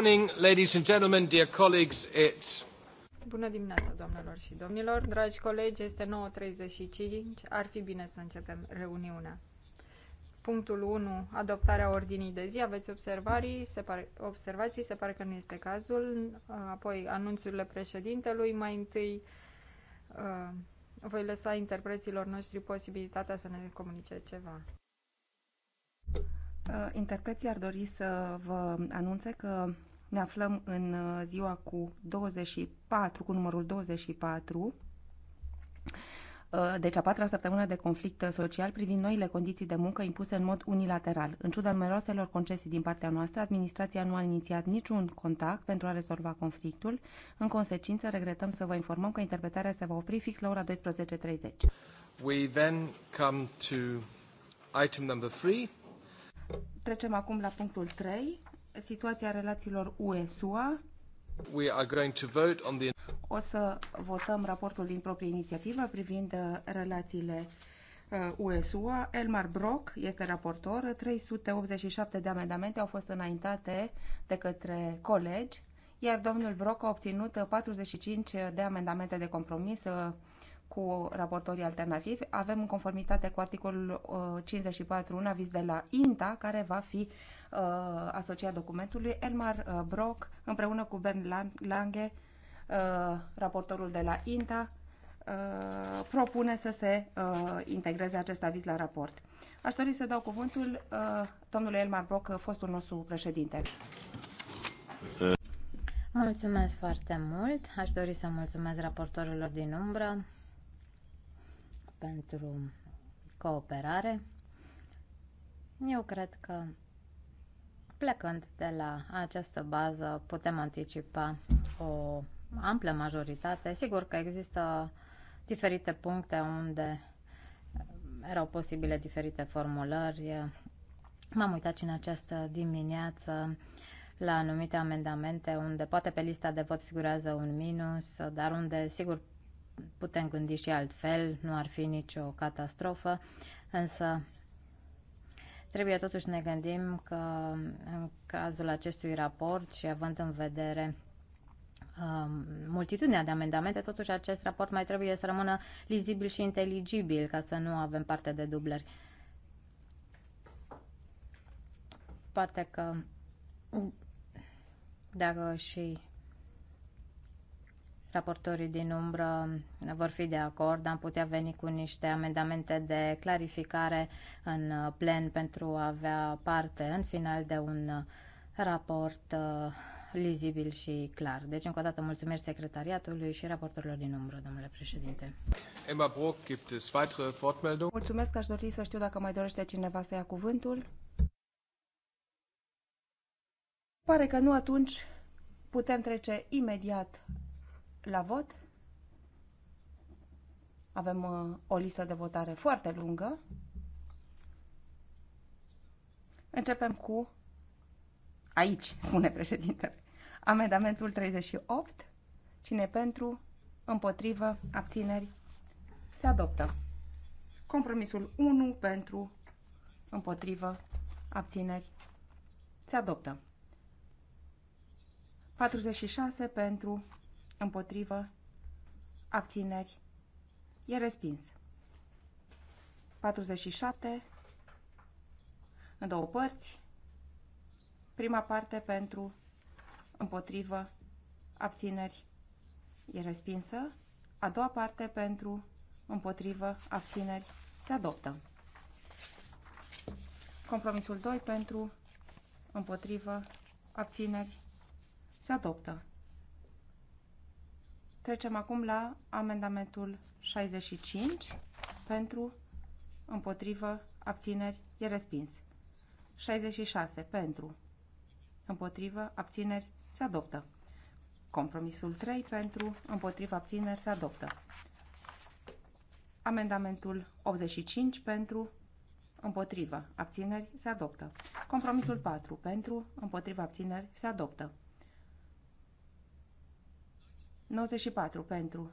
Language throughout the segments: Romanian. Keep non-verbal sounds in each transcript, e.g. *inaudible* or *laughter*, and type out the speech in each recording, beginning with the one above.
Bună dimineața, doamnelor și domnilor, dragi colegi, este 9.35, ar fi bine să începem reuniunea. Punctul 1, adoptarea ordinii de zi, aveți observații, se pare, observații, se pare că nu este cazul, apoi anunțurile președintelui, mai întâi uh, voi lăsa interpreților noștri posibilitatea să ne comunice ceva. Uh, interpreții ar dori să vă anunțe că ne aflăm în uh, ziua cu 24, cu numărul 24, uh, deci a patra săptămână de conflict uh, social privind noile condiții de muncă impuse în mod unilateral. În ciuda numeroaselor concesii din partea noastră, administrația nu a inițiat niciun contact pentru a rezolva conflictul. În consecință, regretăm să vă informăm că interpretarea se va opri fix la ora 12.30. We then come to item number three. Trecem acum la punctul 3 situația relațiilor UE-SUA. We are going to vote on the... O să votăm raportul din proprie inițiativă privind uh, relațiile USUA. Uh, Elmar Brock este raportor. 387 de amendamente au fost înaintate de către colegi, iar domnul Brock a obținut 45 uh, de amendamente de compromis cu raportorii alternativi. Avem în conformitate cu articolul 54 un aviz de la INTA care va fi Uh, asociat documentului, Elmar uh, Brock, împreună cu Bern Lange, uh, raportorul de la INTA, propune să se integreze acest aviz la raport. Aș dori să dau cuvântul domnului Elmar Brock, fostul nostru președinte. Mulțumesc foarte mult. Aș dori să mulțumesc raportorilor din umbră pentru cooperare. Eu cred că Plecând de la această bază, putem anticipa o amplă majoritate. Sigur că există diferite puncte unde erau posibile diferite formulări. M-am uitat și în această dimineață la anumite amendamente unde poate pe lista de vot figurează un minus, dar unde sigur putem gândi și altfel, nu ar fi nicio catastrofă, însă Trebuie totuși să ne gândim că în cazul acestui raport și având în vedere um, multitudinea de amendamente, totuși acest raport mai trebuie să rămână lizibil și inteligibil ca să nu avem parte de dublări. Poate că dacă și raportorii din umbră vor fi de acord, am putea veni cu niște amendamente de clarificare în plen pentru a avea parte în final de un raport uh, lizibil și clar. Deci, încă o dată, mulțumesc secretariatului și raportorilor din umbră, domnule președinte. Emma Brock, gibt es weitere Fortmeldungen? Mulțumesc, aș dori să știu dacă mai dorește cineva să ia cuvântul. Pare că nu atunci putem trece imediat la vot. Avem uh, o listă de votare foarte lungă. Începem cu aici, spune președintele. Amendamentul 38. Cine pentru, împotrivă, abțineri, se adoptă. Compromisul 1 pentru, împotrivă, abțineri, se adoptă. 46 pentru, Împotrivă. Abțineri. E respins. 47. În două părți. Prima parte pentru. Împotrivă. Abțineri. E respinsă. A doua parte pentru. Împotrivă. Abțineri. Se adoptă. Compromisul 2 pentru. Împotrivă. Abțineri. Se adoptă. Trecem acum la amendamentul 65 pentru, împotrivă, abțineri, e respins. 66 pentru, împotrivă, abțineri, se adoptă. Compromisul 3 pentru, împotrivă, abțineri, se adoptă. Amendamentul 85 pentru, împotrivă, abțineri, se adoptă. Compromisul 4 pentru, împotrivă, abțineri, se adoptă. 94 pentru.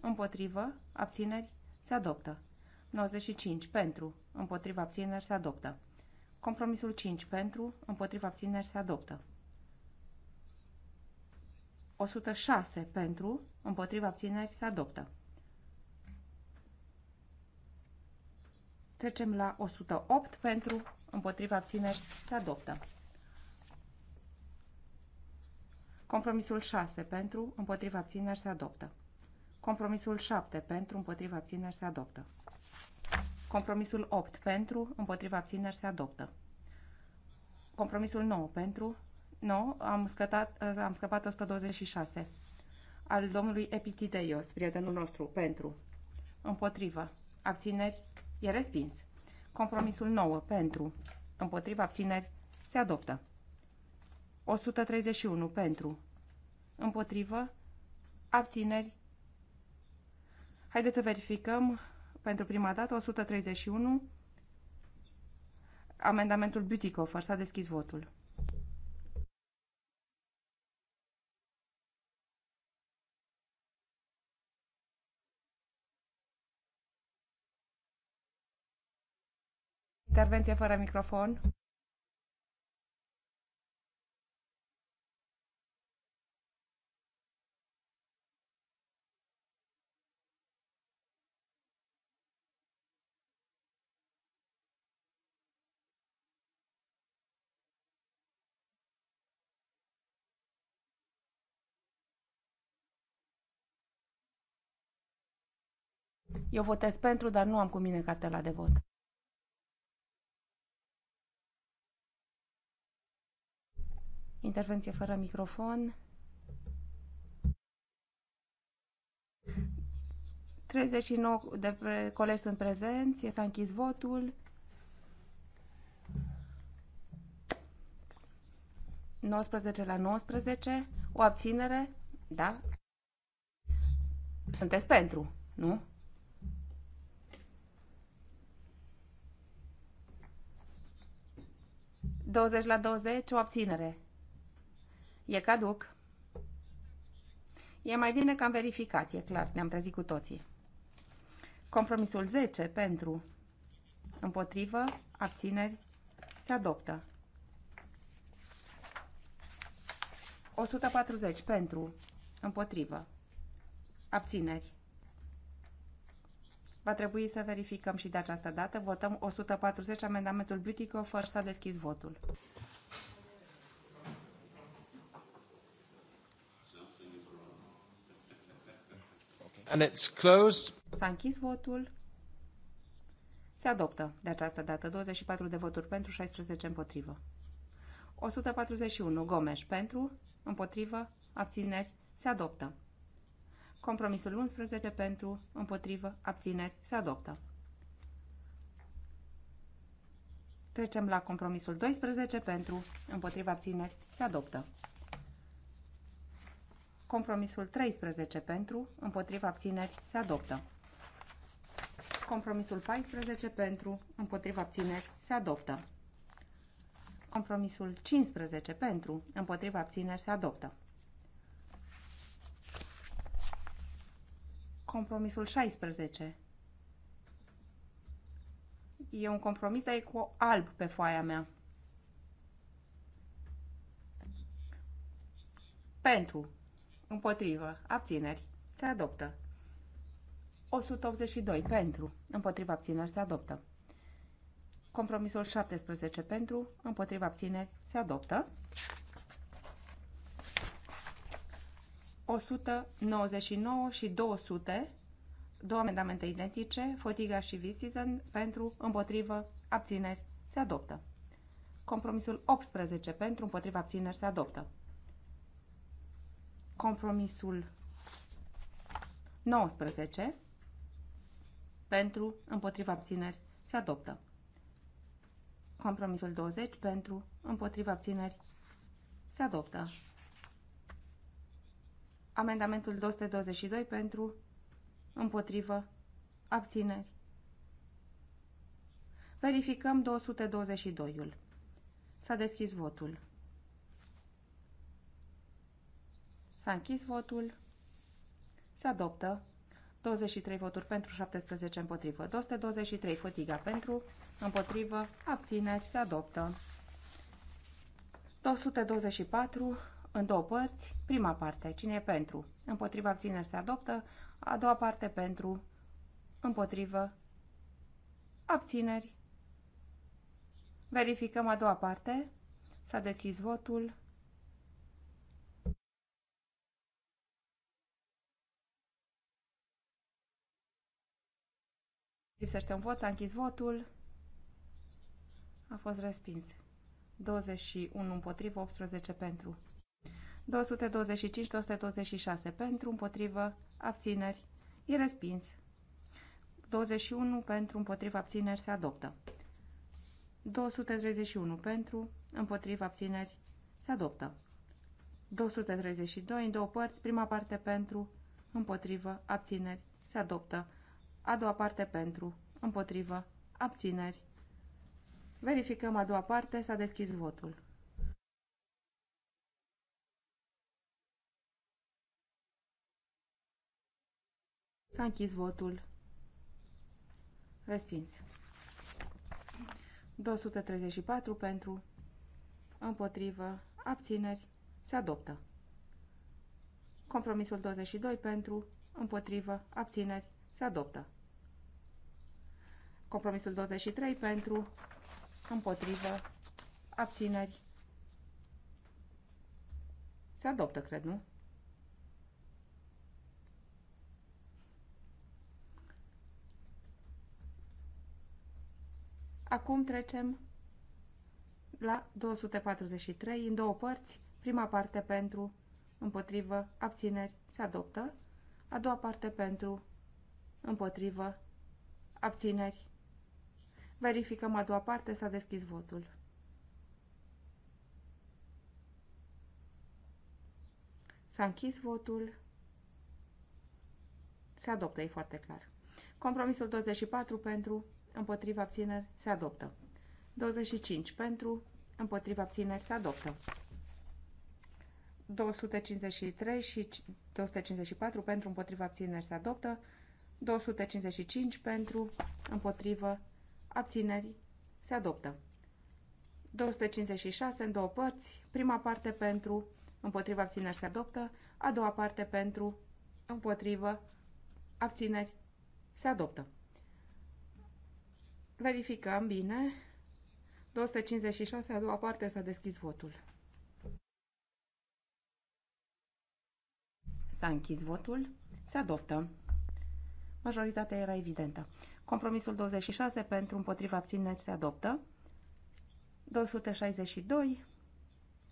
Împotrivă, abțineri, se adoptă. 95 pentru. Împotriva abțineri, se adoptă. Compromisul 5 pentru. Împotriva abțineri, se adoptă. 106 pentru. Împotriva abțineri, se adoptă. Trecem la 108 pentru. Împotriva abțineri, se adoptă. Compromisul 6 pentru, împotriva abțineri se adoptă. Compromisul 7 pentru, împotriva abțineri se adoptă. Compromisul 8 pentru, împotriva abțineri se adoptă. Compromisul 9 pentru, no, am, scătat, eh, am scăpat 126 al domnului Epitideios, prietenul nostru, pentru, împotriva, abțineri, e respins. Compromisul 9 pentru, împotriva abțineri, se adoptă. 131 pentru. Împotrivă. Abțineri. Haideți să verificăm pentru prima dată 131. Amendamentul Butikofer s-a deschis votul. Intervenție fără microfon. Eu votez pentru, dar nu am cu mine cartela de vot. Intervenție fără microfon. 39 de colegi sunt prezenți. S-a închis votul. Nouăsprezece la 19. O abținere? Da. Sunteți pentru, nu? 20 la 20, o abținere. E caduc. E mai bine că am verificat, e clar, ne-am trezit cu toții. Compromisul 10 pentru împotrivă, abțineri, se adoptă. 140 pentru împotrivă, abțineri, Va trebui să verificăm și de această dată. Votăm 140, amendamentul Butikofer. S-a deschis votul. And it's closed. S-a închis votul. Se adoptă de această dată 24 de voturi pentru, 16 împotrivă. 141. Gomes pentru, împotrivă, abțineri, se adoptă. Compromisul 11 pentru, împotrivă, abțineri, se adoptă. Trecem la compromisul 12 pentru, împotriva abțineri, se adoptă. Compromisul 13 pentru, împotriva abțineri, se adoptă. Compromisul 14 pentru, împotriva abțineri, se adoptă. Compromisul 15 pentru, împotriva abțineri, se adoptă. Compromisul 16. E un compromis, dar e cu alb pe foaia mea. Pentru. Împotrivă. Abțineri. Se adoptă. 182. Pentru. Împotriva abțineri. Se adoptă. Compromisul 17. Pentru. Împotriva abțineri. Se adoptă. 199 și 200, două amendamente identice, Fotiga și Vistizen, pentru, împotrivă, abțineri, se adoptă. Compromisul 18 pentru, împotriva abțineri, se adoptă. Compromisul 19 pentru, împotriva abțineri, se adoptă. Compromisul 20 pentru, împotriva abțineri, se adoptă. Amendamentul 222 pentru, împotrivă, abțineri. Verificăm 222-ul. S-a deschis votul. S-a închis votul. Se adoptă 23 voturi pentru, 17 împotrivă. 223 fătiga pentru, împotrivă, abțineri, se adoptă. 224 în două părți. Prima parte, cine e pentru? Împotriva abțineri se adoptă. A doua parte pentru, împotrivă, abțineri. Verificăm a doua parte. S-a deschis votul. Lipsește un vot, s-a închis votul. A fost respins. 21 împotrivă, 18 pentru. 225-226 pentru, împotrivă, abțineri, e respins. 21 pentru, împotrivă, abțineri, se adoptă. 231 pentru, împotrivă, abțineri, se adoptă. 232 în două părți, prima parte pentru, împotrivă, abțineri, se adoptă. A doua parte pentru, împotrivă, abțineri. Verificăm a doua parte, s-a deschis votul. S-a închis votul. Respins. 234 pentru, împotrivă, abțineri, se adoptă. Compromisul 22 pentru, împotrivă, abțineri, se adoptă. Compromisul 23 pentru, împotrivă, abțineri, se adoptă, cred, nu? Acum trecem la 243 în două părți. Prima parte pentru, împotrivă, abțineri, se adoptă. A doua parte pentru, împotrivă, abțineri. Verificăm a doua parte, s-a deschis votul. S-a închis votul. Se adoptă, e foarte clar. Compromisul 24 pentru, împotriva abțineri se adoptă. 25 pentru, împotriva abțineri se adoptă. 253 și 254 pentru, împotriva abțineri se adoptă. 255 pentru, împotriva abțineri se adoptă. 256 în două părți, prima parte pentru, împotriva abțineri se adoptă, a doua parte pentru, împotriva abțineri se adoptă. Verificăm bine. 256, a doua parte, s-a deschis votul. S-a închis votul. Se adoptă. Majoritatea era evidentă. Compromisul 26 pentru împotriva abțineri se adoptă. 262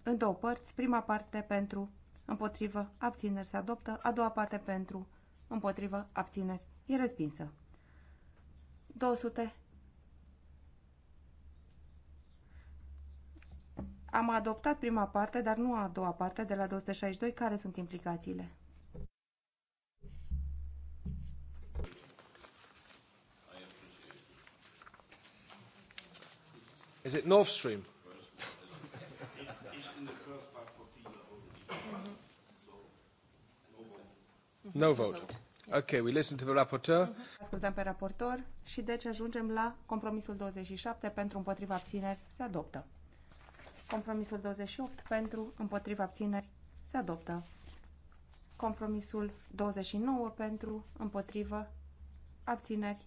în două părți. Prima parte pentru împotrivă abțineri se adoptă. A doua parte pentru împotrivă abțineri e respinsă. 200 Am adoptat prima parte, dar nu a doua parte de la 262. Care sunt implicațiile? Is it North Stream? No vote. Ok, we listen to the rapporteur. Ascultăm pe raportor și deci ajungem la compromisul 27 pentru împotriva abțineri. Se adoptă. Compromisul 28 pentru, împotriva abțineri, se adoptă. Compromisul 29 pentru, împotriva abțineri,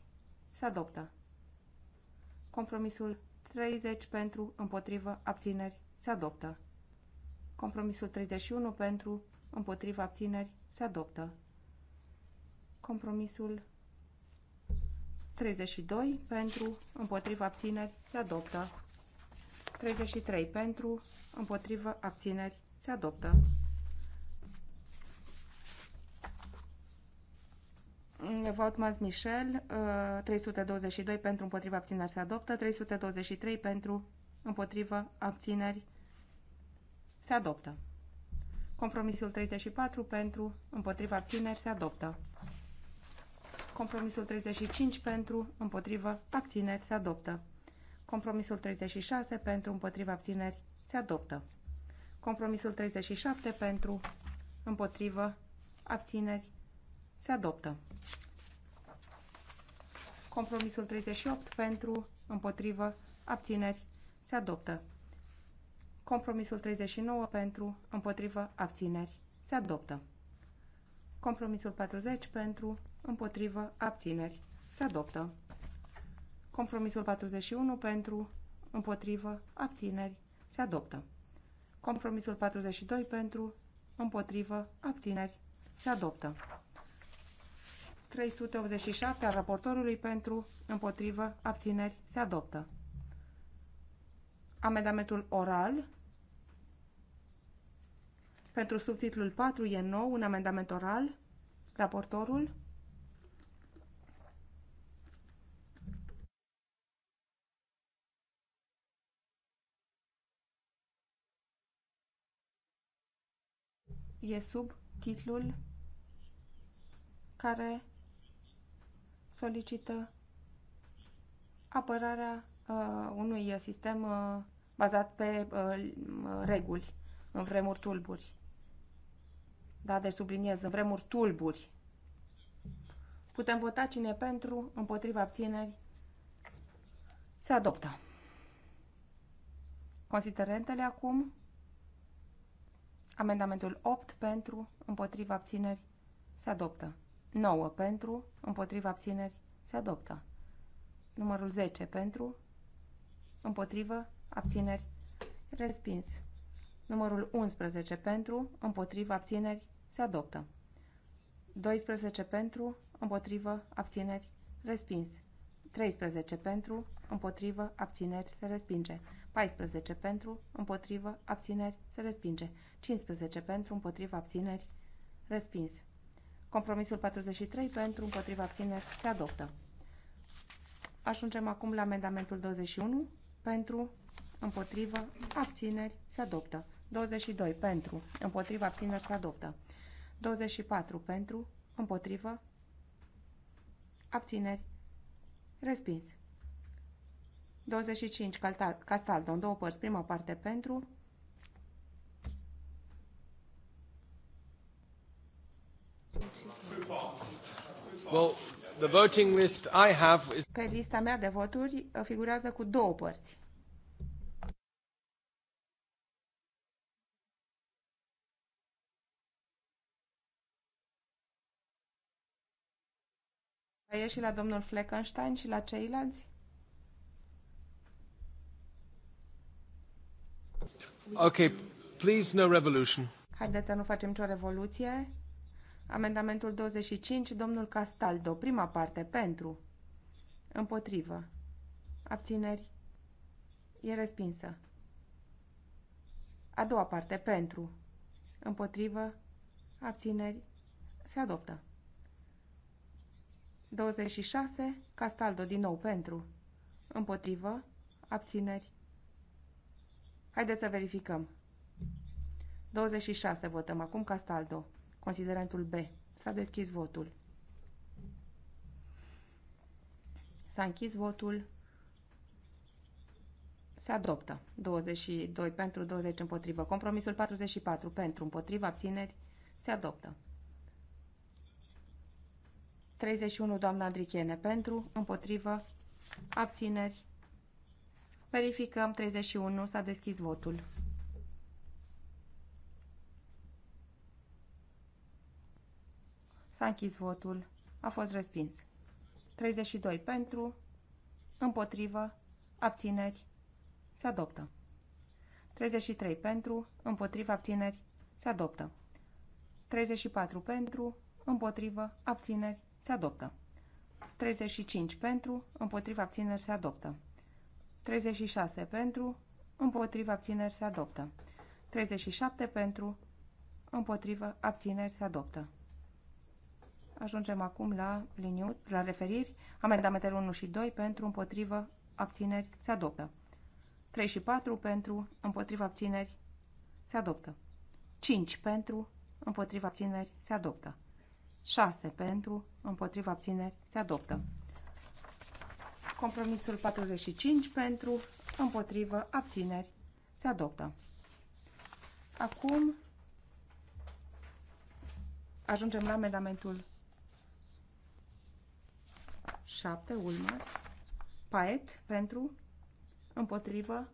se adoptă. Compromisul 30 pentru, împotriva abțineri, se adoptă. Compromisul 31 pentru, împotriva abțineri, se adoptă. Compromisul 32 pentru, împotriva abțineri, se adoptă. 33 pentru, împotrivă, abțineri, se adoptă. Vautmans Michel, 322 uh, pentru, împotrivă, abțineri, se adoptă. 323 pentru, împotrivă, abțineri, se adoptă. Compromisul 34 pentru, împotriva abțineri, se adoptă. Compromisul 35 pentru, împotrivă, abțineri, se adoptă. Compromisul 36 pentru împotriva abțineri se adoptă. Compromisul 37 pentru împotrivă abțineri se adoptă. Compromisul 38 pentru împotrivă abțineri se adoptă. Compromisul 39 pentru împotrivă abțineri se adoptă. Compromisul 40 pentru împotrivă abțineri se adoptă. Compromisul 41 pentru, împotrivă, abțineri, se adoptă. Compromisul 42 pentru, împotrivă, abțineri, se adoptă. 387 al raportorului pentru, împotrivă, abțineri, se adoptă. Amendamentul oral pentru subtitlul 4 e nou un amendament oral. Raportorul e sub titlul care solicită apărarea uh, unui uh, sistem uh, bazat pe uh, uh, reguli în vremuri tulburi. Da, deci subliniez, în vremuri tulburi. Putem vota cine pentru, împotriva abțineri. Se adoptă. Considerentele acum Amendamentul 8 pentru, împotriva abțineri, se adoptă. 9 pentru, împotriva abțineri, se adoptă. Numărul 10 pentru, împotrivă, abțineri, respins. Numărul 11 pentru, împotriva abțineri, se adoptă. 12 pentru, împotrivă, abțineri, respins. 13 pentru, împotrivă, abțineri, se respinge. 14 pentru, împotrivă, abțineri, se respinge. 15 pentru, împotrivă, abțineri, respins. Compromisul 43 pentru, împotrivă, abțineri, se adoptă. Ajungem acum la amendamentul 21 pentru, împotrivă, abțineri, se adoptă. 22 pentru, împotrivă, abțineri, se adoptă. 24 pentru, împotrivă, abțineri, respins. 25. Castaldo, în două părți. Prima parte pentru. Well, the voting list I have is... Pe lista mea de voturi uh, figurează cu două părți. E și la domnul Fleckenstein și la ceilalți? Ok, please no revolution. Haideți să nu facem nicio revoluție. Amendamentul 25, domnul Castaldo, prima parte, pentru. Împotrivă. Abțineri. E respinsă. A doua parte, pentru. Împotrivă. Abțineri. Se adoptă. 26. Castaldo din nou pentru. Împotrivă. Abțineri. Haideți să verificăm. 26 votăm acum Castaldo. Considerentul B. S-a deschis votul. S-a închis votul. Se adoptă. 22 pentru, 20 împotrivă. Compromisul 44 pentru, împotrivă, abțineri. Se adoptă. 31 doamna Andrichene pentru, împotrivă, abțineri. Verificăm 31. S-a deschis votul. S-a închis votul. A fost respins. 32 pentru, împotrivă, abțineri, se adoptă. 33 pentru, împotrivă, abțineri, se adoptă. 34 pentru, împotrivă, abțineri, se adoptă. 35 pentru, împotrivă, abțineri, se adoptă. 36 pentru, împotriva abțineri se adoptă. 37 pentru, împotriva abțineri se adoptă. Ajungem acum la liniu, la referiri. Amendamentele 1 și 2 pentru, împotriva abțineri se adoptă. 3 și 4 pentru, împotriva abțineri se adoptă. 5 pentru, împotriva abțineri se adoptă. 6 pentru, împotriva abțineri se adoptă. Compromisul 45 pentru, împotrivă, abțineri. Se adoptă. Acum ajungem la amendamentul 7, Ulmas. Paet pentru, împotrivă,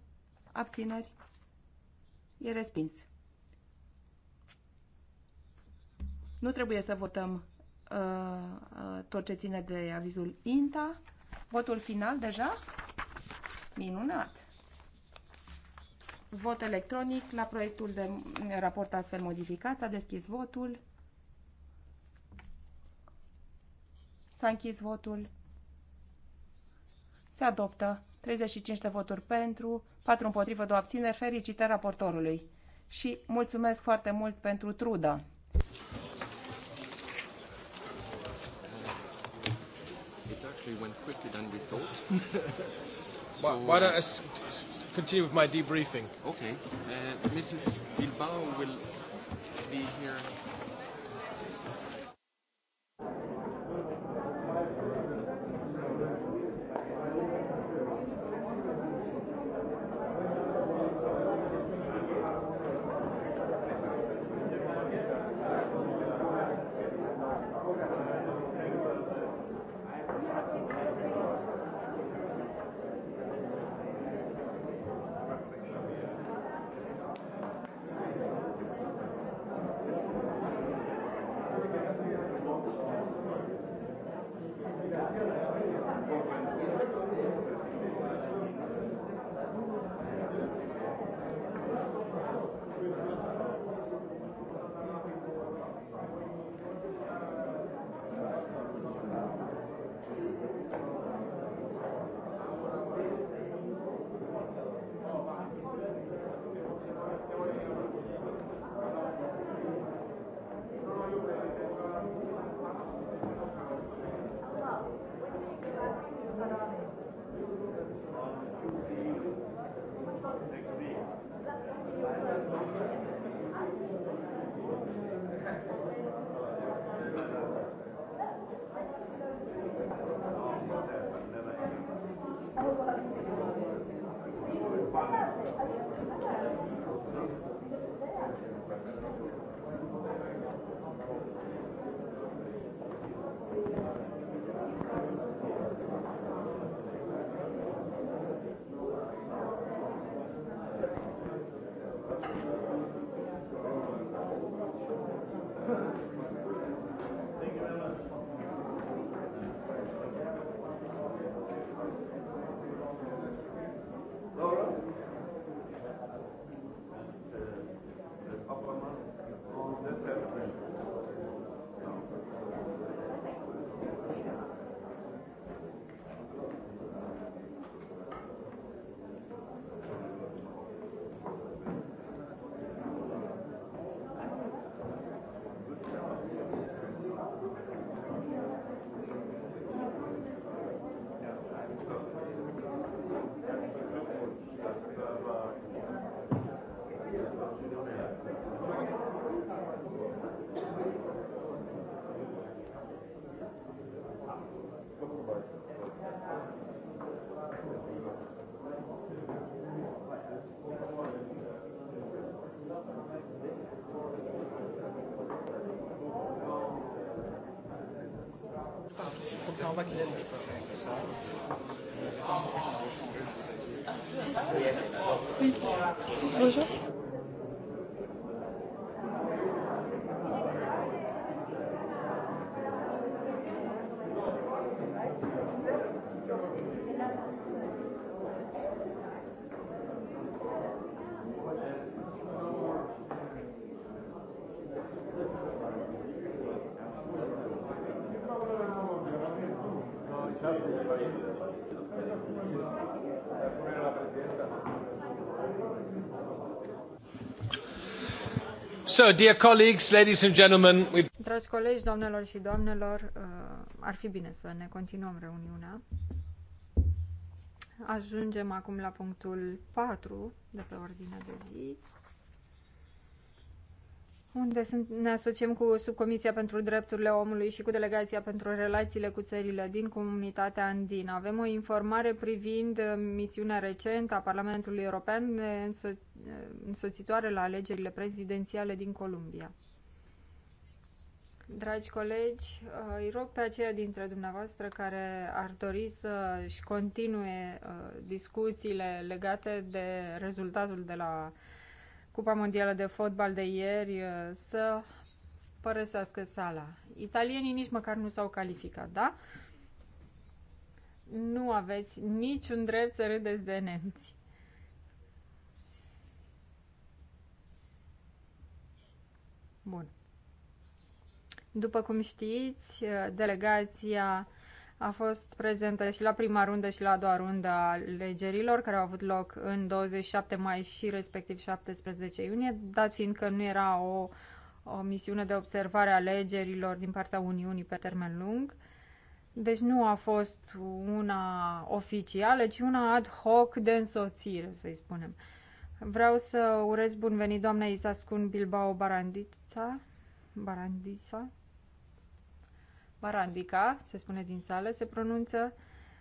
abțineri. E respins. Nu trebuie să votăm uh, uh, tot ce ține de avizul INTA. Votul final deja? Minunat! Vot electronic la proiectul de raport astfel modificat. S-a deschis votul. S-a închis votul. Se adoptă 35 de voturi pentru, 4 împotrivă, 2 abțineri. Fericitări raportorului și mulțumesc foarte mult pentru trudă. actually went quicker than we thought. *laughs* so, why, why don't I s- continue with my debriefing? Okay. Uh, Mrs. Bilbao will be here Bonjour. Dragi colegi, doamnelor și domnilor, uh, ar fi bine să ne continuăm reuniunea. Ajungem acum la punctul 4 de pe ordinea de zi, unde sunt, ne asociem cu Subcomisia pentru Drepturile Omului și cu Delegația pentru Relațiile cu Țările din Comunitatea Andină. Avem o informare privind uh, misiunea recentă a Parlamentului European înso- uh, însoțitoare la alegerile prezidențiale din Columbia. Dragi colegi, uh, îi rog pe aceia dintre dumneavoastră care ar dori să-și continue discuțiile legate de rezultatul de la Cupa Mondială de Fotbal de ieri uh, să părăsească sala. Italienii nici măcar nu s-au calificat, da? Nu aveți niciun drept să râdeți de nemți. Bun. După cum știți, uh, delegația a fost prezentă și la prima rundă și la a doua rundă a alegerilor care au avut loc în 27 mai și respectiv 17 iunie, dat fiind că nu era o, o misiune de observare a alegerilor din partea Uniunii pe termen lung. Deci nu a fost una oficială, ci una ad hoc de însoțire, să-i spunem. Vreau să urez bun venit doamna Isascun Bilbao Barandița, Barandița Parandica, se spune din sală, se pronunță.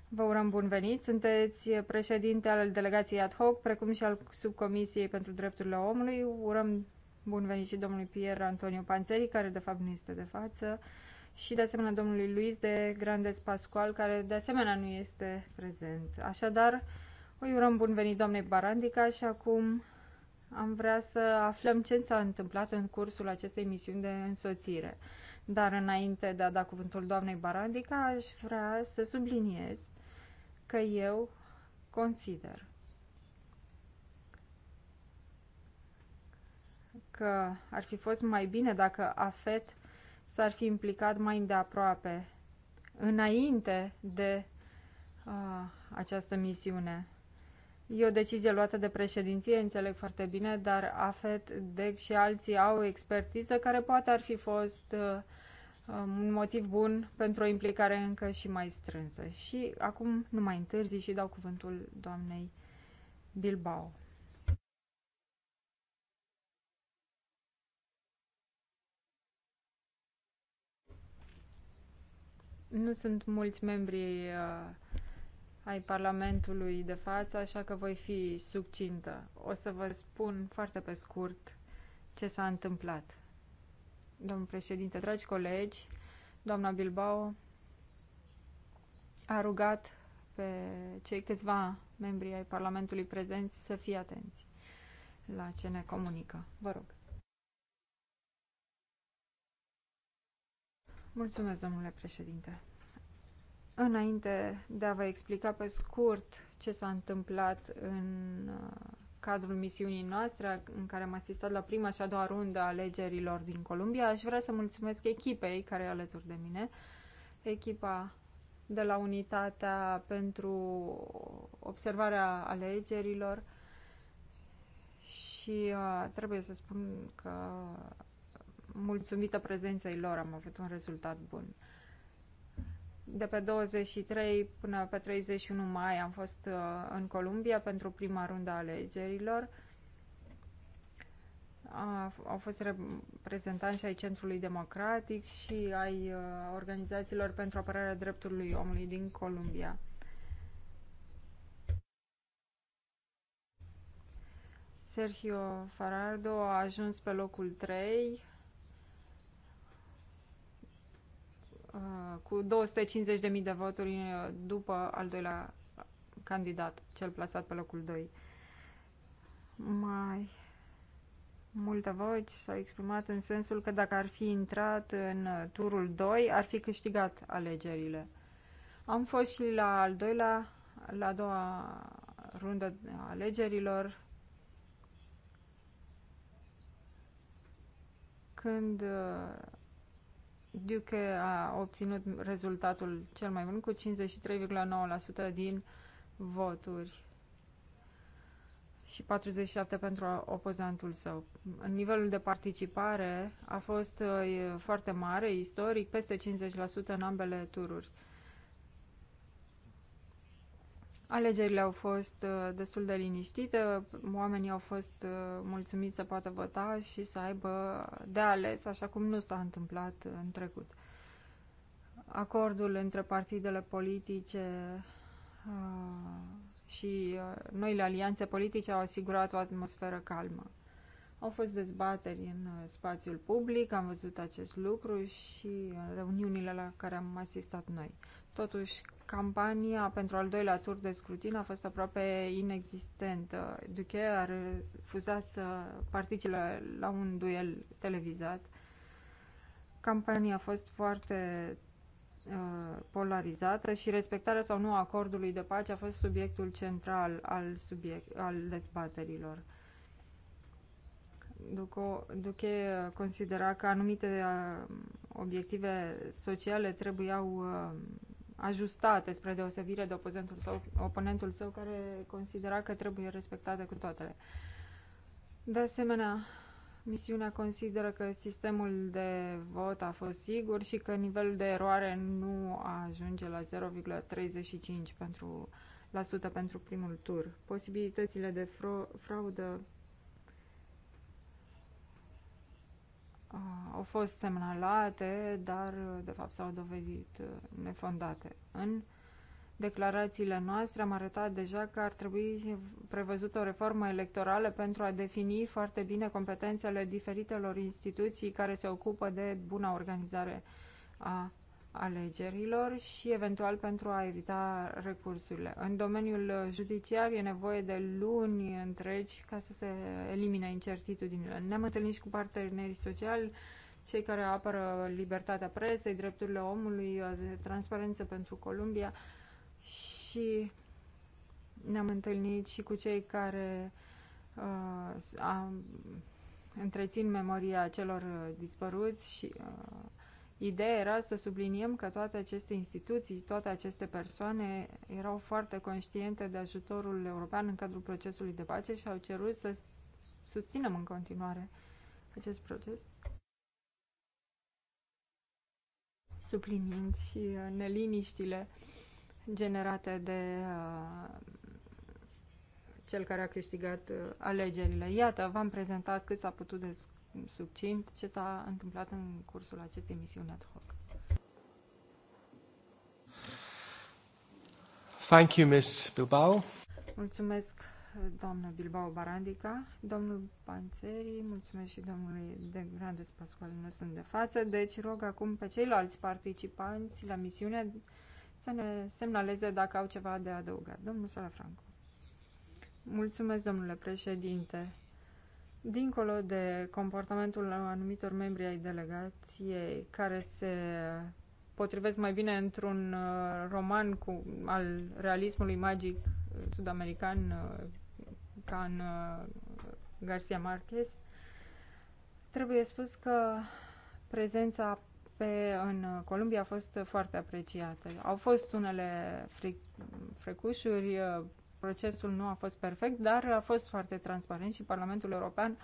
Vă urăm bun venit. Sunteți președinte al delegației ad hoc, precum și al subcomisiei pentru drepturile omului. Urăm bun venit și domnului Pier Antonio Panzeri, care de fapt nu este de față, și de asemenea domnului Luis de Grandes Pascual, care de asemenea nu este prezent. Așadar, îi urăm bun venit doamnei Barandica și acum am vrea să aflăm ce s-a întâmplat în cursul acestei misiuni de însoțire. Dar înainte de a da cuvântul doamnei Baradica, aș vrea să subliniez că eu consider că ar fi fost mai bine dacă AFET s-ar fi implicat mai îndeaproape înainte de a, uh, această misiune. E o decizie luată de președinție, înțeleg foarte bine, dar AFET, DEC și alții au expertiză care poate ar fi fost uh, um, un motiv bun pentru o implicare încă și mai strânsă. Și acum nu mai întârzi și dau cuvântul doamnei Bilbao. Nu sunt mulți membri uh, ai Parlamentului de față, așa că voi fi succintă. O să vă spun foarte pe scurt ce s-a întâmplat. Domnul președinte, dragi colegi, doamna Bilbao a rugat pe cei câțiva membri ai Parlamentului prezenți să fie atenți la ce ne comunică. Vă rog. Mulțumesc, domnule președinte. Înainte de a vă explica pe scurt ce s-a întâmplat în uh, cadrul misiunii noastre, în care am asistat la prima și a doua rundă a alegerilor din Columbia, aș vrea să mulțumesc echipei care e alături de mine, echipa de la Unitatea pentru observarea alegerilor și uh, trebuie să spun că mulțumită prezenței lor am avut un rezultat bun. Uh, de pe 23 până pe 31 mai am fost uh, în Columbia pentru prima rundă a alegerilor. Au fost reprezentanți ai Centrului Democratic și ai uh, organizațiilor pentru apărarea drepturilor omului din Columbia. Sergio Farardo a ajuns pe locul 3 Uh, cu 250.000 de voturi uh, după al doilea candidat, cel plasat pe locul 2. Mai multe voci s-au exprimat în sensul că dacă ar fi intrat în turul 2, ar fi câștigat alegerile. Am fost și la al doilea, la a doua rundă alegerilor, când uh, Duke a obținut rezultatul cel mai bun cu 53,9% din voturi și 47 pentru opozantul său. Nivelul de participare a fost foarte mare, istoric, peste 50% în ambele tururi. Alegerile au fost uh, destul de liniștite, oamenii au fost uh, mulțumiți să poată vota și să aibă de ales, așa cum nu s-a întâmplat în trecut. Acordul între partidele politice uh, și noile alianțe politice au asigurat o atmosferă calmă. Au fost dezbateri în spațiul public, am văzut acest lucru și reuniunile la care am asistat noi. Totuși, campania pentru al doilea tur de scrutin a fost aproape inexistentă. Duche a refuzat să participe la un duel televizat. Campania a fost foarte uh, polarizată și respectarea sau nu a acordului de pace a fost subiectul central al, subiect, al dezbaterilor. Duche considera că anumite uh, obiective sociale trebuiau uh, ajustate spre deosebire de opozentul său, oponentul său care considera că trebuie respectate cu toatele. De asemenea, misiunea consideră că sistemul de vot a fost sigur și că nivelul de eroare nu ajunge la 0,35 pentru la sută pentru primul tur. Posibilitățile de fraudă au fost semnalate, dar de fapt s-au dovedit uh, nefondate. În declarațiile noastre am arătat deja că ar trebui prevăzută o reformă electorală pentru a defini foarte bine competențele diferitelor instituții care se ocupă de buna organizare a alegerilor și eventual pentru a evita recursurile. În domeniul judiciar e nevoie de luni întregi ca să se elimine incertitudinile. Ne-am întâlnit și cu partenerii sociali, cei care apără libertatea presei, drepturile omului, transparență pentru Columbia și ne-am întâlnit și cu cei care uh, a, întrețin memoria celor uh, dispăruți și uh, Ideea era să subliniem că toate aceste instituții, toate aceste persoane erau foarte conștiente de ajutorul european în cadrul procesului de pace și au cerut să susținem în continuare acest proces. subliniind și uh, neliniștile generate de uh, cel care a câștigat uh, alegerile. Iată, v-am prezentat cât s-a putut de succint ce s-a întâmplat în cursul acestei misiuni ad hoc. Thank you, Ms. Bilbao. Mulțumesc, doamnă Bilbao Barandica, domnul Panțeri, mulțumesc și domnului de Grandes Pascual, nu sunt de față, deci rog acum pe ceilalți participanți la misiune să ne semnaleze dacă au ceva de adăugat. Domnul Franco. Mulțumesc, domnule președinte dincolo de comportamentul anumitor membri ai delegației care se potrivesc mai bine într-un uh, roman cu, al realismului magic uh, sud-american uh, ca în Garcia Marquez, trebuie spus că prezența pe, în Columbia a fost foarte apreciată. Au fost unele fric, frecușuri, procesul nu a fost perfect, dar a fost foarte transparent și Parlamentul European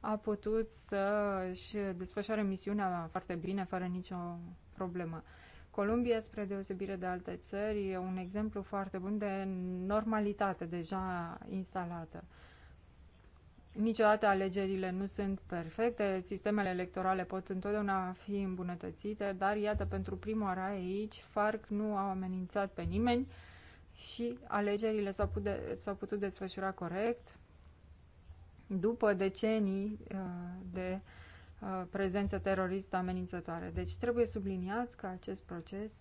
a putut să-și desfășoare misiunea foarte bine, fără nicio problemă. Columbia, spre deosebire de alte țări, e un exemplu foarte bun de normalitate deja instalată. Niciodată alegerile nu sunt perfecte, sistemele electorale pot întotdeauna fi îmbunătățite, dar iată, pentru prima oară aici, FARC nu a amenințat pe nimeni, și alegerile s-au putut, putut desfășura corect după decenii uh, de uh, prezență teroristă amenințătoare. Deci trebuie subliniat că acest proces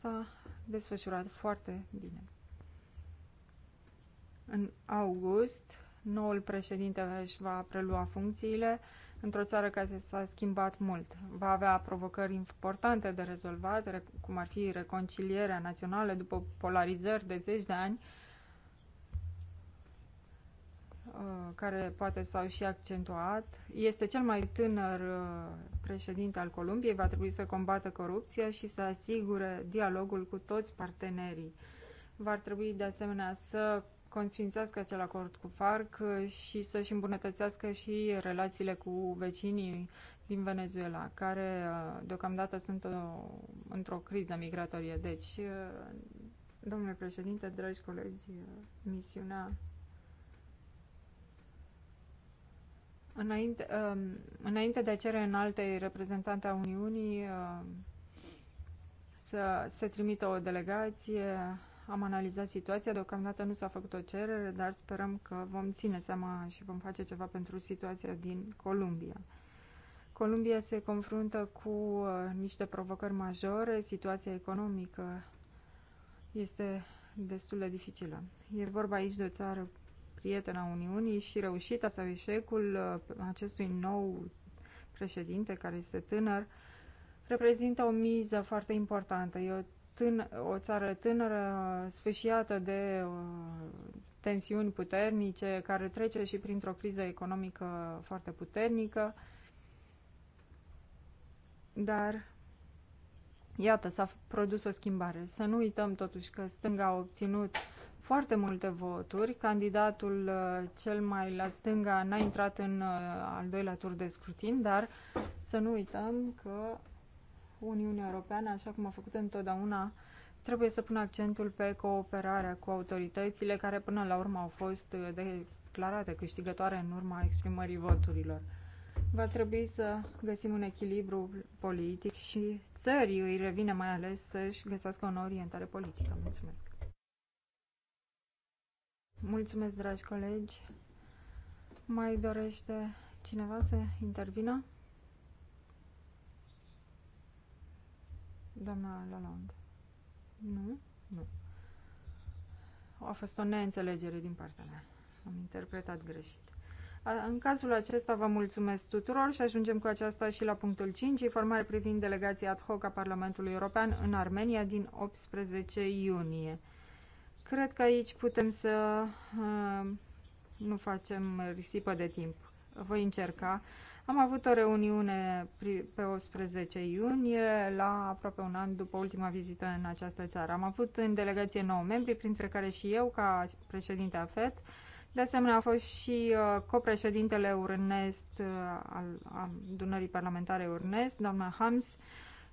s-a desfășurat foarte bine. În august, noul președinte își va prelua funcțiile într-o țară care s-a schimbat mult. Va avea provocări importante de rezolvat, cum ar fi reconcilierea națională după polarizări de zeci de ani, uh, care poate s-au și accentuat. Este cel mai tânăr uh, președinte al Columbiei, va trebui să combată corupția și să asigure dialogul cu toți partenerii. Va trebui de asemenea să consfințească acel acord cu FARC uh, și să-și îmbunătățească și relațiile cu vecinii din Venezuela, care uh, deocamdată sunt într-o criză migratorie. Deci, uh, domnule președinte, dragi colegi, misiunea Înainte, um, înainte de a cere în alte reprezentante a Uniunii să se trimită o delegație am analizat situația. Deocamdată nu s-a făcut o cerere, dar sperăm că vom ține seama și vom face ceva pentru situația din Columbia. Columbia se confruntă cu uh, niște provocări majore, situația economică este destul de dificilă. E vorba aici de o țară prietena Uniunii și reușita sau eșecul uh, acestui nou președinte, care este tânăr, reprezintă o miză foarte importantă. E o tân, o țară tânără, sfâșiată de uh, tensiuni puternice, care trece și printr-o criză economică foarte puternică, dar iată, s-a produs o schimbare. Să nu uităm totuși că stânga a obținut foarte multe voturi. Candidatul uh, cel mai la stânga n-a intrat în uh, al doilea tur de scrutin, dar să nu uităm că Uniunea Europeană, așa cum a făcut întotdeauna, trebuie să pună accentul pe cooperarea cu autoritățile care până la urmă au fost uh, declarate câștigătoare în urma exprimării voturilor. Va trebui să găsim un echilibru politic și țării îi revine mai ales să-și găsească o nouă orientare politică. Mulțumesc! Mulțumesc, dragi colegi! Mai dorește cineva să intervină? Doamna Lalonde. Nu? Nu. A fost o neînțelegere din partea mea. Am interpretat greșit. În cazul acesta vă mulțumesc tuturor și ajungem cu aceasta și la punctul 5, informare privind delegația ad hoc a Parlamentului European în Armenia din 18 iunie. Cred că aici putem să uh, nu facem risipă de timp voi încerca. Am avut o reuniune pe 18 iunie, la aproape un an după ultima vizită în această țară. Am avut în delegație 9 membri, printre care și eu, ca președinte a FED. De asemenea, a fost și uh, copreședintele Urnest uh, al Dunării parlamentare Urnest, doamna Hams,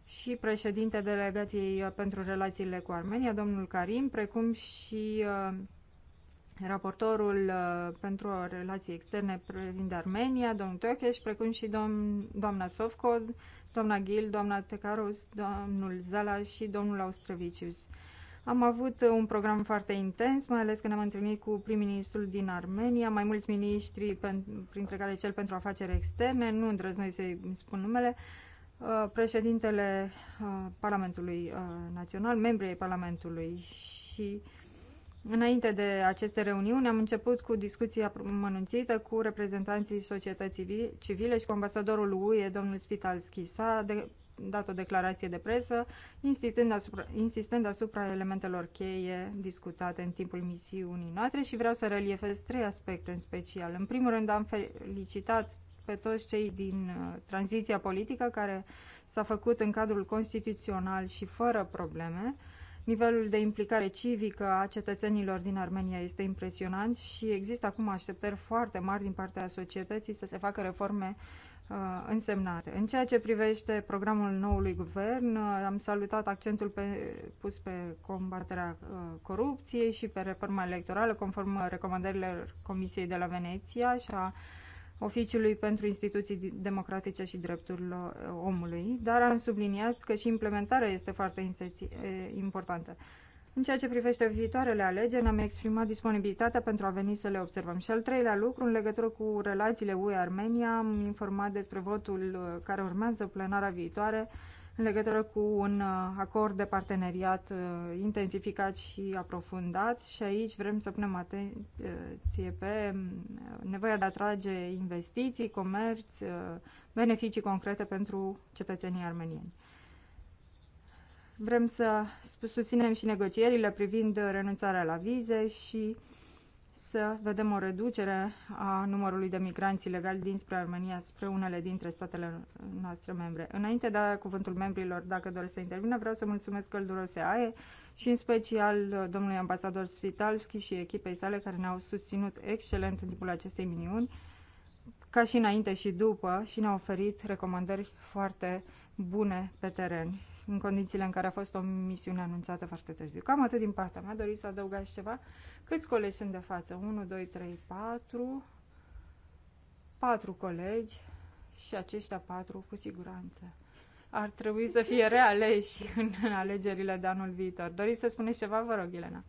și președinte delegației uh, pentru relațiile cu Armenia, domnul Karim, precum și raportorul uh, pentru relații externe privind Armenia, domnul Tocheș, precum și domn, doamna Sovco, doamna Ghil, doamna Tecarus, domnul Zala și domnul Austrevicius. Am avut un program foarte intens, mai ales că ne-am întâlnit cu prim-ministrul din Armenia, mai mulți miniștri, printre care cel pentru afaceri externe, nu îndrăznesc să-i spun numele, uh, președintele uh, Parlamentului Național, membrii Parlamentului și Înainte de aceste reuniuni am început cu discuția mănânțită cu reprezentanții societății civile și cu ambasadorul UE, domnul Spitalski. S-a de, dat o declarație de presă insistând asupra, insistând asupra elementelor cheie discutate în timpul misiunii noastre și vreau să reliefez trei aspecte în special. În primul rând am felicitat pe toți cei din uh, tranziția politică care s-a făcut în cadrul constituțional și fără probleme. Uh, Nivelul de implicare civică a cetățenilor din Armenia este impresionant și există acum așteptări foarte mari din partea societății să se facă reforme uh, însemnate. În ceea ce privește programul noului guvern, uh, am salutat accentul pe, pus pe combaterea uh, corupției și pe reforma electorală, conform uh, recomandărilor Comisiei de la Veneția și a uh, Oficiului pentru Instituții Democratice și Drepturile Omului, dar am subliniat că și implementarea este foarte importantă. În ceea ce privește viitoarele alegeri, ne-am exprimat disponibilitatea pentru a veni să le observăm. Și al treilea lucru, în legătură cu relațiile UE-Armenia, am informat despre votul care urmează plenara viitoare în legătură cu un uh, acord de parteneriat uh, intensificat și aprofundat și aici vrem să punem atenție pe mm, nevoia de a atrage investiții, comerț, uh, beneficii concrete pentru cetățenii armenieni. Vrem să susținem și negocierile privind renunțarea la vize și uh, să vedem o reducere a numărului de migranți ilegali dinspre Armenia spre unele dintre statele noastre membre. Înainte de a da cuvântul membrilor, dacă doresc să intervină, vreau să mulțumesc călduroase aie și în special domnului ambasador Svitalski și echipei sale care ne-au susținut excelent în timpul acestei miniuni, ca și înainte și după, și ne-au oferit recomandări foarte uh, bune pe teren, în condițiile în care a fost o misiune anunțată foarte târziu. Cam atât din partea mea. Doriți să adăugați ceva? Câți colegi sunt de față? 1, 2, 3, 4. 4 colegi și aceștia 4 cu siguranță ar trebui să fie realeși în *laughs* alegerile de anul viitor. Doriți să spuneți ceva? Vă rog, Elena.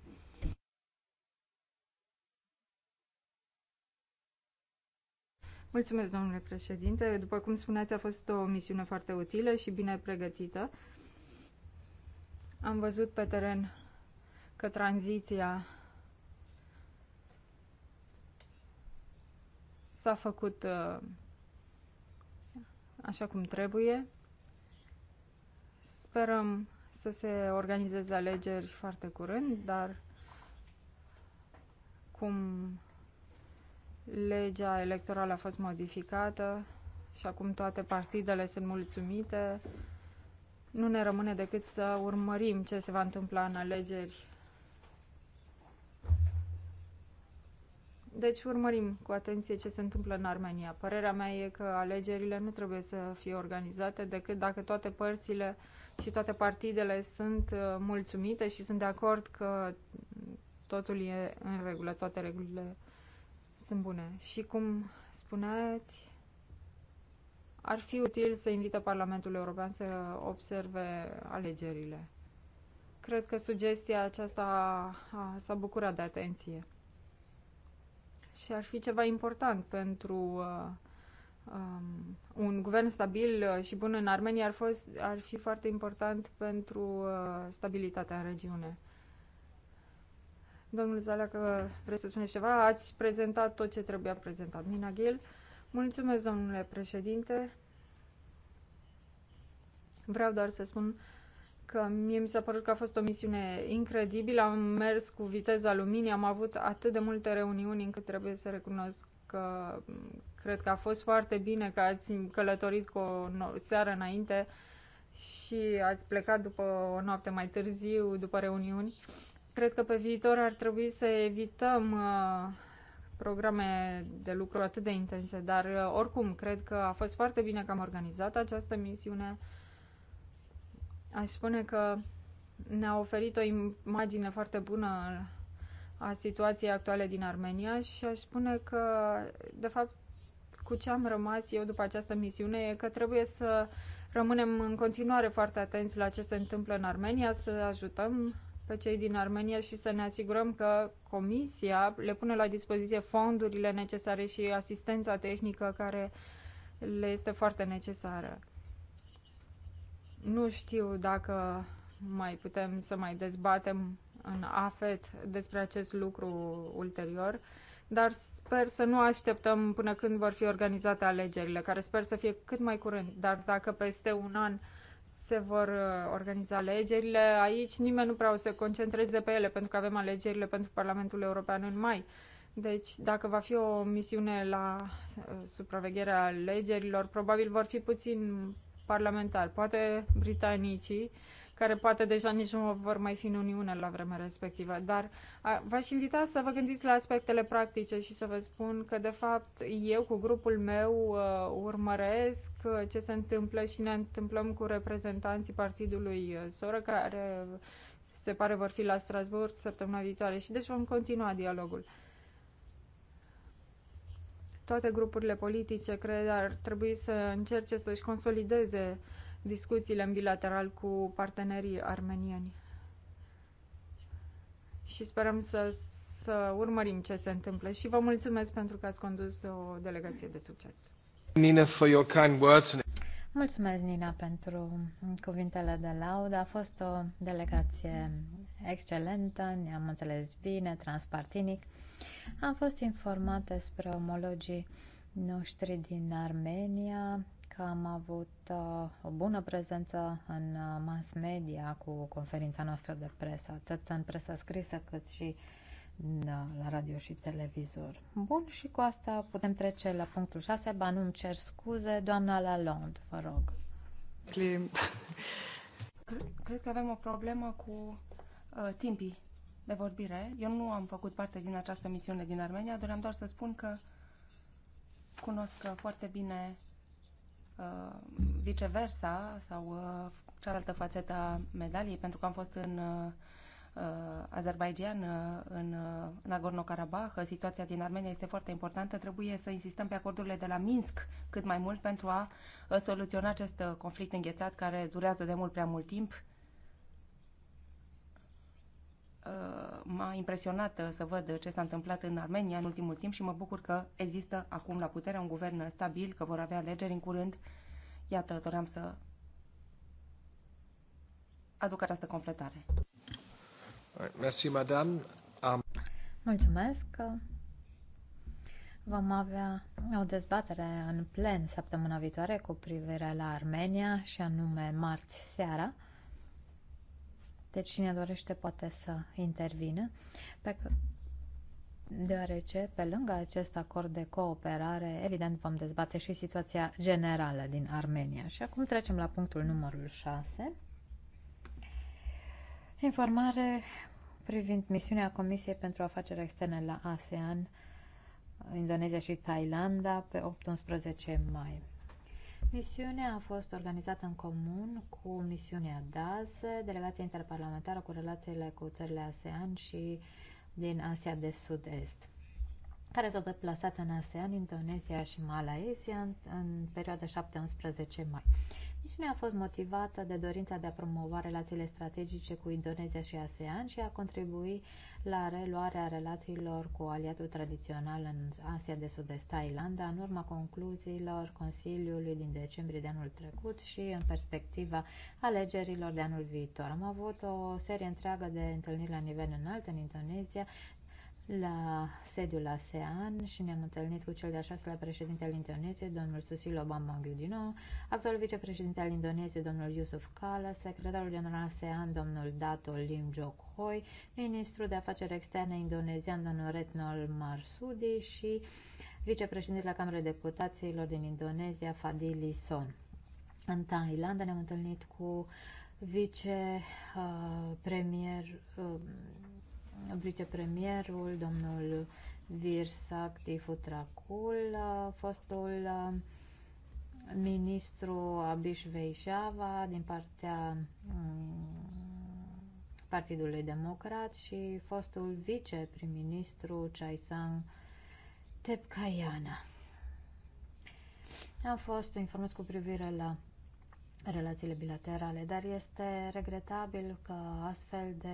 Mulțumesc, domnule președinte. După cum spuneați, a fost o misiune foarte utilă și bine pregătită. Am văzut pe teren că tranziția s-a făcut uh, așa cum trebuie. Sperăm să se organizeze alegeri foarte curând, dar cum legea electorală a fost modificată și acum toate partidele sunt mulțumite. Nu ne rămâne decât să urmărim ce se va întâmpla în alegeri. Deci urmărim cu atenție ce se întâmplă în Armenia. Părerea mea e că alegerile nu trebuie să fie organizate decât dacă toate părțile și toate partidele sunt uh, mulțumite și sunt de acord că totul e în regulă, toate regulile sunt bune. Și cum spuneați, ar fi util să invită Parlamentul European să observe alegerile. Cred că sugestia aceasta s-a bucurat de atenție. Și ar fi ceva important pentru uh, um, un guvern stabil uh, și bun în Armenia ar, fost, ar fi foarte important pentru uh, stabilitatea în regiune. Domnul că vreți să spuneți ceva? Ați prezentat tot ce trebuia prezentat. Nina Ghil, mulțumesc, domnule președinte. Vreau doar să spun că mie mi s-a părut că a fost o misiune incredibilă. Am mers cu viteza luminii, am avut atât de multe reuniuni încât trebuie să recunosc că mm, cred că a fost foarte bine că ați călătorit cu o seară înainte și ați plecat după o noapte mai târziu, după reuniuni. Cred că pe viitor ar trebui să evităm uh, programe de lucru atât de intense, dar uh, oricum cred că a fost foarte bine că am organizat această misiune. Aș spune că ne-a oferit o imagine foarte bună a situației actuale din Armenia și aș spune că, de fapt, cu ce am rămas eu după această misiune e că trebuie să rămânem în continuare foarte atenți la ce se întâmplă în Armenia, să ajutăm pe cei din Armenia și să ne asigurăm că Comisia le pune la dispoziție fondurile necesare și asistența tehnică care le este foarte necesară. Nu știu dacă mai putem să mai dezbatem în afet despre acest lucru ulterior, dar sper să nu așteptăm până când vor fi organizate alegerile, care sper să fie cât mai curând. Dar dacă peste un an uh, se vor uh, organiza alegerile. Aici nimeni nu prea o să concentreze pe ele, pentru că avem alegerile pentru Parlamentul European în mai. Deci, dacă va fi o misiune la uh, supravegherea alegerilor, probabil vor fi puțin parlamentari. Poate britanicii care poate deja nici nu vor mai fi în Uniune la vremea respectivă. Dar v-aș invita să vă gândiți la aspectele practice și să vă spun că, de fapt, eu cu grupul meu uh, urmăresc uh, ce se întâmplă și ne întâmplăm cu reprezentanții partidului uh, Soră, care se pare vor fi la Strasburg săptămâna viitoare și deci vom continua dialogul toate grupurile politice cred ar trebui să încerce să-și consolideze discuțiile în bilateral cu partenerii armenieni. Și sperăm să, să urmărim ce se întâmplă și vă mulțumesc pentru că ați condus o delegație de succes. Nina, for your kind words. Mulțumesc, Nina, pentru cuvintele de laudă. A fost o delegație excelentă, ne-am înțeles bine, transpartinic. Am fost informate despre omologii noștri din Armenia, că am avut uh, o bună prezență în uh, mass media cu conferința noastră de presă, atât în presa scrisă cât și uh, la radio și televizor. Bun, și cu asta putem trece la punctul 6. Ba nu-mi cer scuze, doamna Lalonde, vă rog. Clim. Cred că avem o problemă cu uh, timpii de vorbire. Eu nu am făcut parte din această misiune din Armenia, doream doar să spun că cunosc foarte bine Uh, viceversa sau uh, cealaltă fațetă a medaliei, pentru că am fost în uh, Azerbaijan, în Nagorno-Karabakh. Situația din Armenia este foarte importantă. Trebuie să insistăm pe acordurile de la Minsk cât mai mult pentru a soluționa acest conflict înghețat care durează de mult prea mult timp Uh, m-a impresionat uh, să văd ce s-a întâmplat în Armenia în ultimul timp și mă bucur că există acum la putere un guvern stabil, că vor avea alegeri în curând. Iată, doream să aduc această completare. Merci, madame. Am... Mulțumesc. Vom avea o dezbatere în plen săptămâna viitoare cu privire la Armenia și anume marți seara. Deci cine dorește poate să intervină, pe deoarece pe lângă acest acord de cooperare, evident vom dezbate și situația generală din Armenia. Și acum trecem la punctul numărul 6. Informare privind misiunea Comisiei pentru Afaceri Externe la ASEAN, Indonezia și Thailanda pe 18 mai. Misiunea a fost organizată în comun cu misiunea DAS, Delegația Interparlamentară cu relațiile cu țările ASEAN și din Asia de Sud-Est, care s-au deplasat în ASEAN, Indonezia și Malaysia în, în perioada 7-11 mai nu a fost motivată de dorința de a promova relațiile strategice cu Indonezia și ASEAN și a contribui la reluarea relațiilor cu aliatul tradițional în Asia de Sud-Est, Thailanda, în urma concluziilor Consiliului din decembrie de anul trecut și în perspectiva alegerilor de anul viitor. Am avut o serie întreagă de întâlniri la nivel înalt în Indonezia, la sediul ASEAN și ne-am întâlnit cu cel de-a șaselea președinte al Indoneziei, domnul Susilo Bambang Yudhino, actual vicepreședinte al Indoneziei, domnul Yusuf Kala, secretarul general ASEAN, domnul Dato Lim Jok Hoi, ministrul de afaceri externe indonezian, domnul Retnol Marsudi și vicepreședintele Camerei Deputaților din Indonezia, Fadili Son. În Thailanda ne-am întâlnit cu vicepremier uh, uh, vicepremierul, domnul Virsac Tifutracul, fostul ministru Abish Veișava din partea mm, Partidului Democrat și fostul viceprim-ministru Chaisang Tepkayana. Am fost informat cu privire la relațiile bilaterale, dar este regretabil că astfel de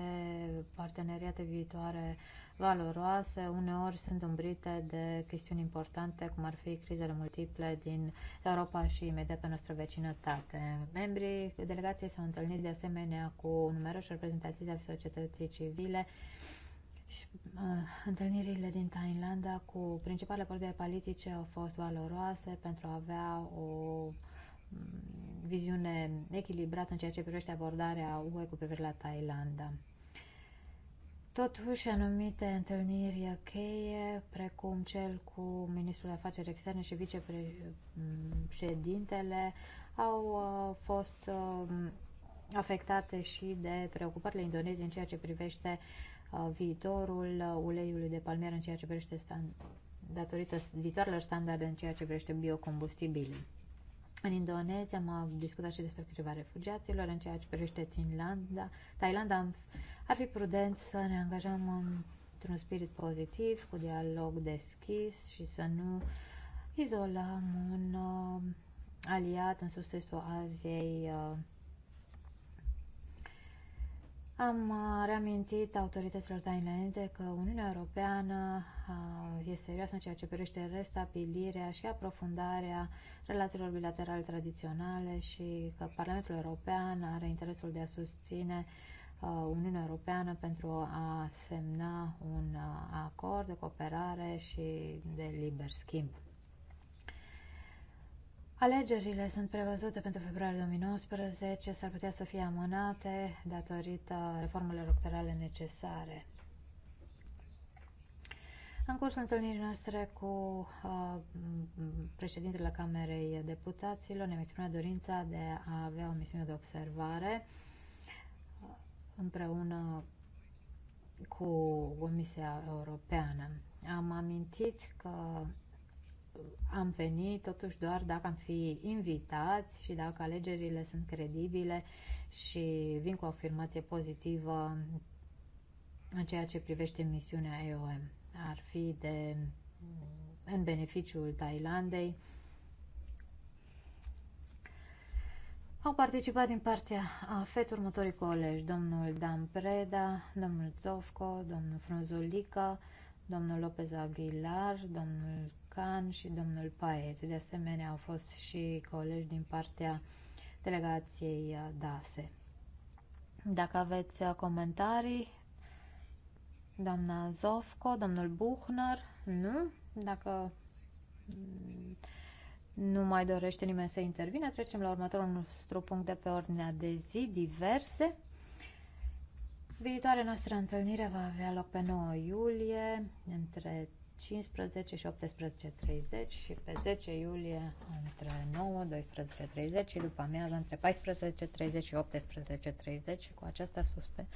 parteneriate viitoare valoroase uneori sunt umbrite de chestiuni importante, cum ar fi crizele multiple din Europa și pe noastră vecinătate. Membrii delegației s-au întâlnit de asemenea cu numeroși reprezentanți ai societății civile și uh, întâlnirile din Thailanda cu principalele părți politice au fost valoroase pentru a avea o uh, Mm, viziune echilibrată în ceea ce privește abordarea UE cu privire la Thailanda. Totuși, anumite întâlniri cheie, precum cel cu ministrul afaceri externe și vicepreședintele, au uh, fost um, afectate și de preocupările Indoneziei în ceea ce privește uh, viitorul uleiului de palmier în ceea ce privește stand- datorită viitoarelor standarde în ceea ce privește biocombustibilii. În Indonezia am discutat și despre privarea refugiaților, în ceea ce privește Thailanda. Thailanda ar fi prudent să ne angajăm într-un spirit pozitiv, cu dialog deschis și să nu izolăm un uh, aliat în succesul Aziei uh, am uh, reamintit autorităților dinainte că Uniunea Europeană este uh, serioasă în ceea ce privește restabilirea și aprofundarea relațiilor bilaterale tradiționale și că Parlamentul European are interesul de a susține uh, Uniunea Europeană pentru a semna un acord de cooperare și de liber schimb. Alegerile sunt prevăzute pentru februarie 2019, s-ar putea să fie amânate datorită reformelor electorale necesare. În cursul întâlnirii noastre cu uh, președintele Camerei Deputaților, ne-am exprimat dorința de a avea o misiune de observare uh, împreună cu Comisia Europeană. Am amintit că am venit totuși doar dacă am fi invitați și dacă alegerile sunt credibile și vin cu o afirmație pozitivă în ceea ce privește misiunea EOM. Ar fi de, în beneficiul Thailandei. Au participat din partea AFET următorii colegi, domnul Dan Preda, domnul Zofco, domnul Frunzulica, domnul Lopez Aguilar, domnul Cucan și domnul Paet. De asemenea, au fost și colegi din partea delegației uh, DASE. Dacă aveți uh, comentarii, doamna Zofco, domnul Buchner, nu? Dacă mm, nu mai dorește nimeni să intervine, trecem la următorul nostru punct de pe ordinea de zi, diverse. Viitoarea noastră întâlnire va avea loc pe 9 iulie, între 15 și 18.30 și pe 10 iulie între 9, 12.30 și după amiază între 14.30 și 18.30 și cu aceasta suspend